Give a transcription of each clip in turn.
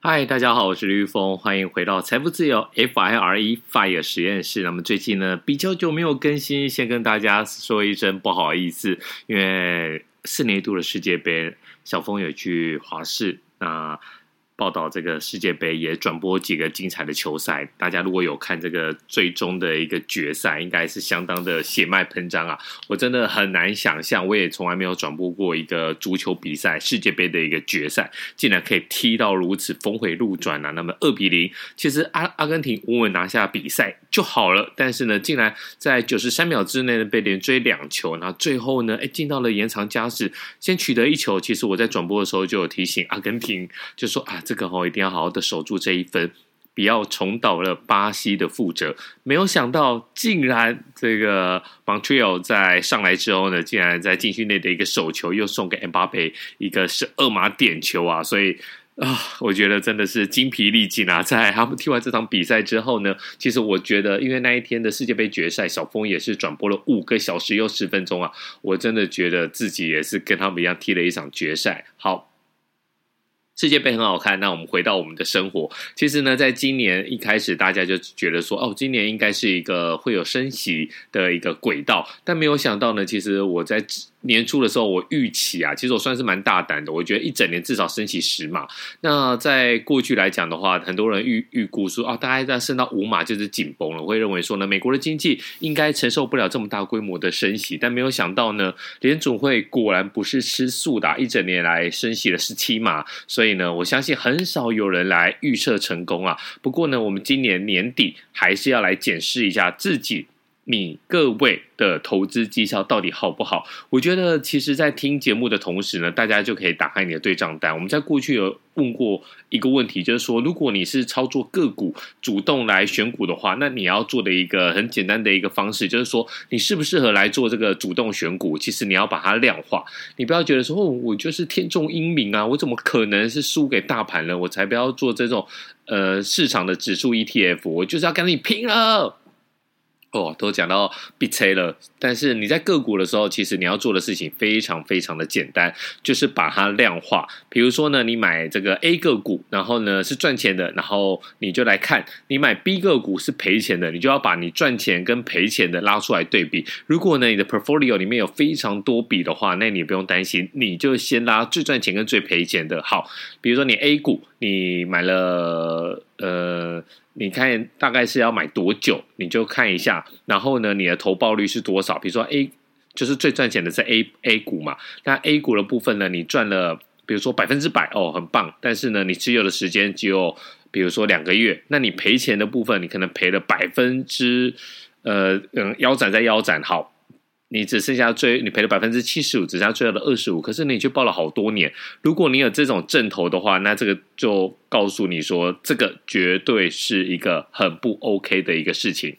嗨，大家好，我是林裕豐，歡迎回到財富自由 FIRE FIRE 實驗室。那麼最近呢，比較久沒有更新，先跟大家說一聲不好意思，因為四年一度的世界杯，小豐有去華視那。呃報道這個世界盃也轉播幾個精彩的球賽，大家如果有看這個最終的一個決賽，應該是相當的血脈噴張啊！我真的很難想象我也從來沒有轉播過一個足球比賽世界盃的一個決賽，竟然可以踢到如此峰回路轉啊！那麼二比零，其實阿阿根廷穩穩拿下比賽就好了，但是呢，竟然在九十三秒之內呢被連追兩球，然後最後呢，哎，進到了延長加時，先取得一球。其實我在轉播的時候就有提醒阿根廷，就說啊。這個吼、哦、一定要好好的守住這一分，不要重蹈了巴西的覆轍。沒有想到，竟然這個 Montreal 在上來之後呢，竟然在禁區內的一個手球又送給 Mbappé 一個十二碼點球啊！所以啊、呃，我覺得真的是精疲力盡啊。在他們踢完這場比賽之後呢，其實我覺得，因為那一天的世界杯決賽，小峰也是轉播了五個小時又十分鐘啊，我真的覺得自己也是跟他們一樣踢了一場決賽。好。世界盃很好看，那我們回到我們的生活。其實呢，在今年一開始，大家就覺得說，哦，今年應該是一個會有升息的一個軌道，但沒有想到呢，其實我在，年初的時候，我預期啊，其實我算是蠻大膽的。我覺得一整年至少升息十碼。那在過去來講的話，很多人預預估說啊、哦，大概在升到五碼就是緊繃了。我會認為說呢，美國的經濟應該承受不了這麼大規模的升息。但沒有想到呢，聯儲會果然不是吃素的、啊。一整年來升息了十七碼，所以呢，我相信很少有人來預測成功啊。不過呢，我們今年年底還是要來檢視一下自己，你各位的投資績效到底好不好？我覺得其實，在聽節目的同時呢，大家就可以打開你的對賬單。我們在過去有問過一個問題，就是說，如果你是操作個股，主動來選股的話，那你要做的一個很簡單的一個方式，就是說，你適不適合來做這個主動選股？其實你要把它量化，你不要覺得說，哦，我就是天縱英明啊，我怎麼可能是輸給大盤了？我才不要做這種，呃，市場的指數 ETF，我就是要跟你拼了。哦，都講到避吹了，但是你在個股的時候，其實你要做的事情非常非常的簡單，就是把它量化。比如說呢，你買這個 A 個股，然後呢是賺錢的，然後你就來看，你買 B 個股是賠錢的，你就要把你賺錢跟賠錢的拉出來對比。如果呢你的 portfolio 裡面有非常多筆的話，那你不用擔心，你就先拉最賺錢跟最賠錢的。好，比如說你 A 股，你買了呃。你看大概是要買多久，你就看一下。然後呢，你的投報率是多少？比如說 A，就是最賺錢的是 A A 股嘛。那 A 股的部分呢，你賺了，比如說百分之百哦，很棒。但是呢，你持有的時間只有，比如說兩個月。那你賠錢的部分，你可能賠了百分之，呃，嗯，腰斬再腰斬，好。你只剩下最，你賠了百分之七十五，只剩下最後的二十五，可是你卻抱了好多年。如果你有這種症頭的話，那這個就告訴你說，這個絕對是一個很不 OK 的一個事情。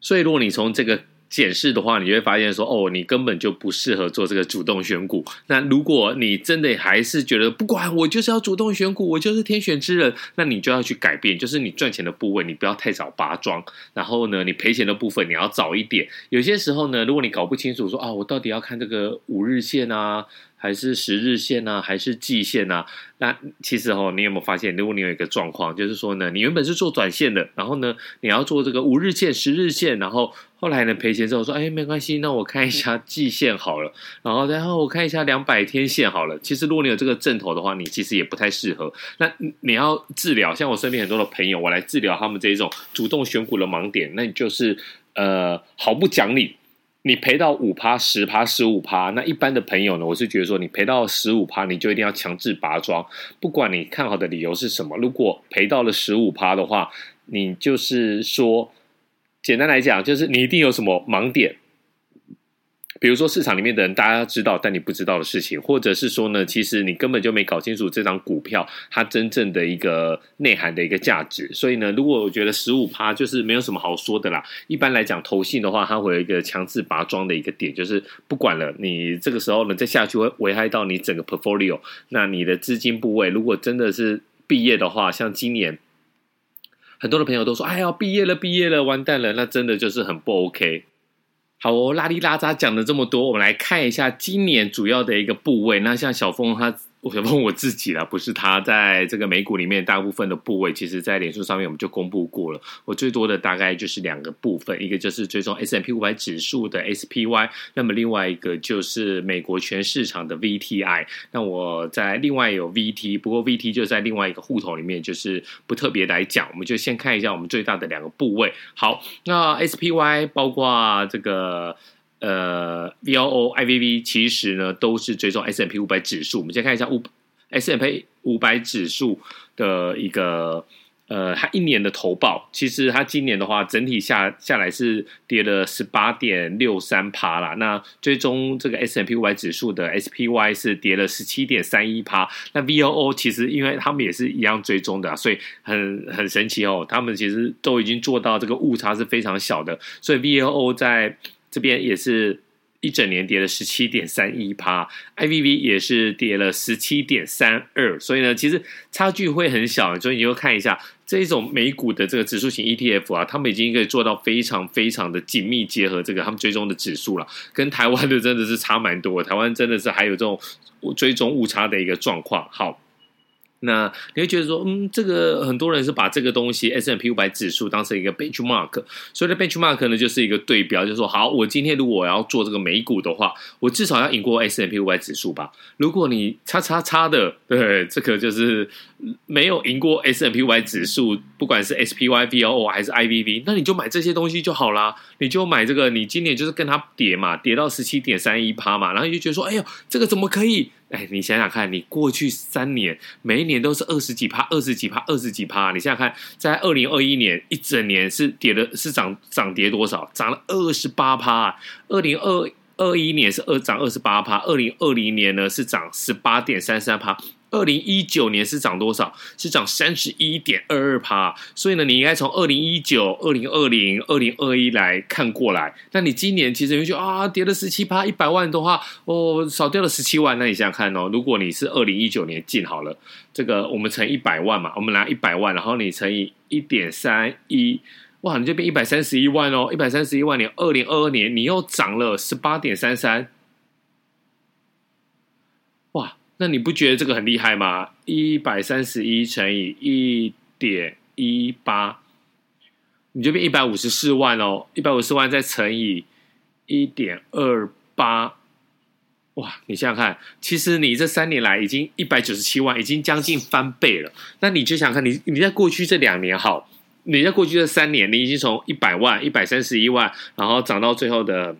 所以，如果你從這個，顯示的話，你就會發現說哦，你根本就不適合做這個主動選股。那如果你真的還是覺得不管我就是要主動選股，我就是天選之人，那你就要去改變，就是你賺錢的部位你不要太早拔莊，然後呢，你賠錢的部分你要早一點。有些時候呢，如果你搞不清楚說啊，我到底要看這個五日線啊。還是十日線啊，還是季線啊？那其實哦，你有沒有發現，如果你有一個狀況，就是說呢，你原本是做短線的，然後呢，你要做這個五日線、十日線，然後後來呢，賠錢之後說，說哎沒關係，那我看一下季線好了，然後然後我看一下兩百天線好了。其實，如果你有這個陣頭的話，你其實也不太適合。那你要治療，像我身邊很多的朋友，我來治療他們這一種主動選股的盲點，那就是呃，毫不講理。你賠到五趴、十趴、十五趴，那一般的朋友呢？我是覺得說，你賠到十五趴，你就一定要強制拔樁，不管你看好的理由是什麼。如果賠到了十五趴的話，你就是說，簡單來講，就是你一定有什麼盲點。比如說市場裡面的人，大家知道，但你不知道的事情，或者是說呢，其實你根本就沒搞清楚這張股票它真正的一個內涵的一個價值。所以呢，如果我覺得十五趴就是沒有什麼好說的啦。一般來講，投信的話，它會有一個強制拔莊的一個點，就是不管了，你這個時候呢再下去會危害到你整個 portfolio。那你的資金部位，如果真的是畢業的話，像今年很多的朋友都說：“哎呀，畢業了，畢業了，完蛋了！”那真的就是很不 OK。好哦，拉哩拉雜講了這麼多，我們來看一下今年主要的一個部位。那像小峰他。我想問我自己了，不是他在這個美股裡面大部分的部位，其實在臉書上面我們就公布過了。我最多的大概就是兩個部分，一個就是追蹤 S M P 五百指數的 S P Y，那麼另外一個就是美國全市場的 V T I。那我在另外有 V T，不過 V T 就在另外一個戶頭裡面，就是不特別來講，我們就先看一下我們最大的兩個部位。好，那 S P Y 包括這個。呃，V O O、I V V 其實呢都是追蹤 S&P 五百指數。我們先看一下五 S&P 五百指數的一個呃，它一年的投報。其實它今年的話，整體下下來是跌了十八點六三趴啦。那最終這個 S&P 五百指數的 S P Y 是跌了十七點三一趴。那 V O O 其實，因為他們也是一樣追蹤的、啊，所以很很神奇哦。他們其實都已經做到這個誤差是非常小的，所以 V O O 在。這邊也是一整年跌了十七點三一趴，I V V 也是跌了十七點三二，所以呢，其實差距會很小。所以你就看一下這一種美股的這個指數型 E T F 啊，他們已經可以做到非常非常的緊密結合這個他們追蹤的指數了，跟台灣的真的是差蠻多。台灣真的是還有這種追蹤誤差的一個狀況。好。那你會覺得說，嗯，這個很多人是把這個東西 S&P 五百指數當成一個 benchmark，所以的 benchmark 呢就是一個對標，就是說好，我今天如果我要做這個美股的話，我至少要贏過 S&P 五百指數吧。如果你叉叉叉的，對，這個就是沒有贏過 S&P 五百指數，不管是 SPY、VOO 還是 I V V，那你就買這些東西就好啦，你就買這個，你今年就是跟它跌嘛，跌到十七點三一趴嘛，然後你就覺得說，哎呦，這個怎麼可以？哎，你想想看，你過去三年每一年都是二十幾趴，二十幾趴，二十幾趴啊。你想想看，在二零二一年一整年是跌了，是漲漲跌多少？漲了二十八趴。二零二二一年是二漲二十八趴，二零二零年呢是漲十八點三三趴。二零一九年是漲多少？是漲三十一點二二趴。所以呢，你應該從二零一九、二零二零、二零二一來看過來。那你今年其實有些啊，跌了十七趴，一百萬的話，哦，少掉了十七萬。那你想想看哦，如果你是二零一九年進好了，這個我們乘一百萬嘛，我們拿一百萬，然後你乘以一點三一，哇，你這邊一百三十一萬哦，一百三十一萬年，二零二二年你又漲了十八點三三。那你不覺得這個很厲害嗎？一百三十一乘以一點一八，你這邊一百五十四萬哦。一百五十四萬再乘以一點二八，哇！你想想看，其實你這三年來已經一百九十七萬，已經將近翻倍了。那你就想看，你你在過去這兩年好，你在過去這三年，你已經從一百萬、一百三十一萬，然後漲到最後的。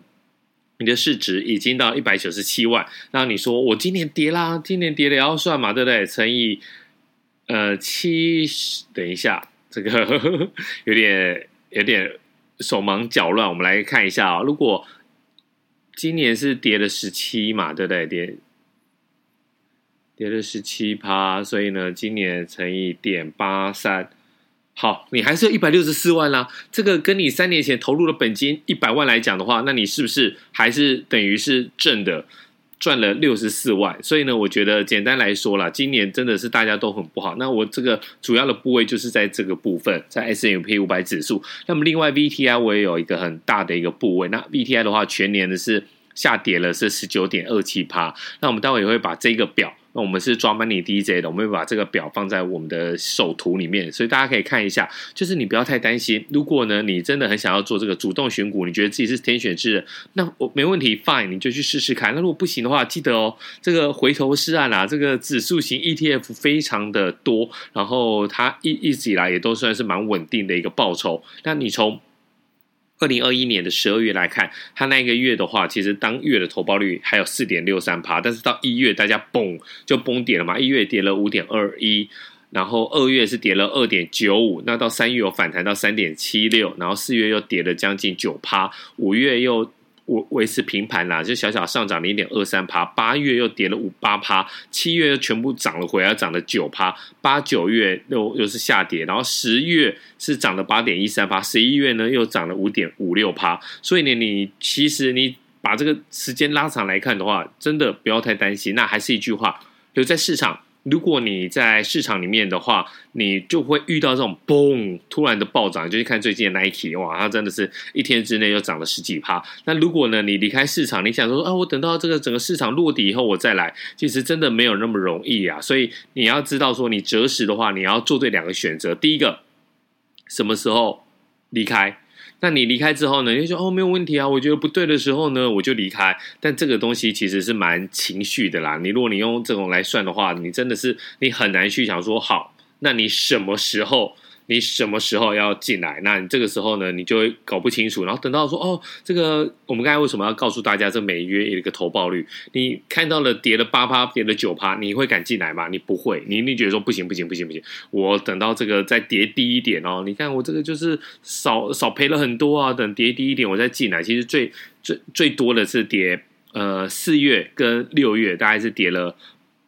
你的市值已經到一百九十七萬，那你說我、哦、今年跌啦，今年跌了也要算嘛，對不對？乘以呃七十，等一下，這個呵呵有點有點手忙腳亂。我們來看一下啊，如果今年是跌了十七嘛，對不對？跌跌了十七趴，所以呢，今年乘以點八三。好，你還是有一百六十四萬啦、啊。這個跟你三年前投入的本金一百萬來講的話，那你是不是還是等於是正的賺了六十四萬？所以呢，我覺得簡單來說啦，今年真的是大家都很不好。那我這個主要的部位就是在這個部分，在 S&P 五百指數。那麼另外 V T I 我也有一個很大的一個部位。那 V T I 的話，全年的是下跌了是十九點二七趴。那我們待會也會把這個表。那我們是抓 Money DJ 的，我們會把這個表放在我們的首圖裡面，所以大家可以看一下。就是你不要太擔心，如果呢你真的很想要做這個主動選股，你覺得自己是天選之人，那我沒問題，fine，你就去試試看。那如果不行的話，記得哦，這個回頭是岸啊，這個指數型 ETF 非常的多，然後它一一直以來也都算是蠻穩定的一個報酬。那你從，二零二一年的十二月來看，它那一個月的話，其實當月的投報率還有四點六三趴，但是到一月，大家崩就崩跌了嘛，一月跌了五點二一，然後二月是跌了二點九五，那到三月有反彈到三點七六，然後四月又跌了將近九趴，五月又。維維持平盤啦、啊，就小小上漲零點二三趴，八月又跌了五八趴，七月又全部漲了回來，漲了九趴。八九月又又是下跌，然後十月是漲了八點一三趴，十一月呢又漲了五點五六趴，所以呢，你其實你把這個時間拉長來看的話，真的不要太擔心，那還是一句話，留在市場。如果你在市場裡面的話，你就會遇到這種嘣突然的暴漲，就去看最近的 Nike，哇，它真的是一天之內就漲了十幾趴。那如果呢，你離開市場，你想說，啊，我等到這個整個市場落底以後我再來，其實真的沒有那麼容易啊。所以你要知道說，你擇時的話，你要做對兩個選擇，第一個什麼時候離開？那你離開之後呢？你就說哦，沒有問題啊。我覺得不對的時候呢，我就離開。但這個東西其實是蠻情緒的啦。你如果你用這種來算的話，你真的是你很難去想說，好，那你什麼時候？你什麼時候要進來？那你這個時候呢？你就會搞不清楚。然後等到說哦，這個我們剛才為什麼要告訴大家這每月有一個投報率？你看到了跌了八趴，跌了九趴，你會敢進來嗎？你不會，你你覺得說不行，不行，不行，不行。我等到這個再跌低一點哦。你看我這個就是少少賠了很多啊。等跌低一點，我再進來。其實最最最多的是跌，呃、四月跟六月，大概是跌了。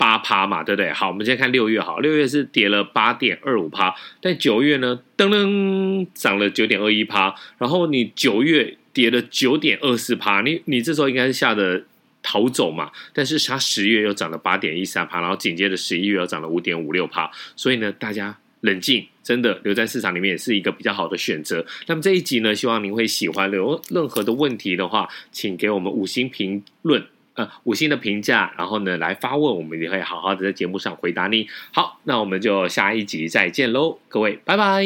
八趴嘛，對不對？好，我們先看六月好，好，六月是跌了八點二五趴，但九月呢，噔噔漲了九點二一趴，然後你九月跌了九點二四趴，你你這時候應該是嚇得逃走嘛？但是它十月又漲了八點一三趴，然後緊接着十一月又漲了五點五六趴，所以呢，大家冷靜，真的留在市場裡面也是一個比較好的選擇。那麼這一集呢，希望您會喜歡。留任何的問題的話，請給我們五星評論。呃，五星的評價，然後呢，來發問，我們也會好好的在節目上回答你。好，那我們就下一集再見嘍，各位，拜拜。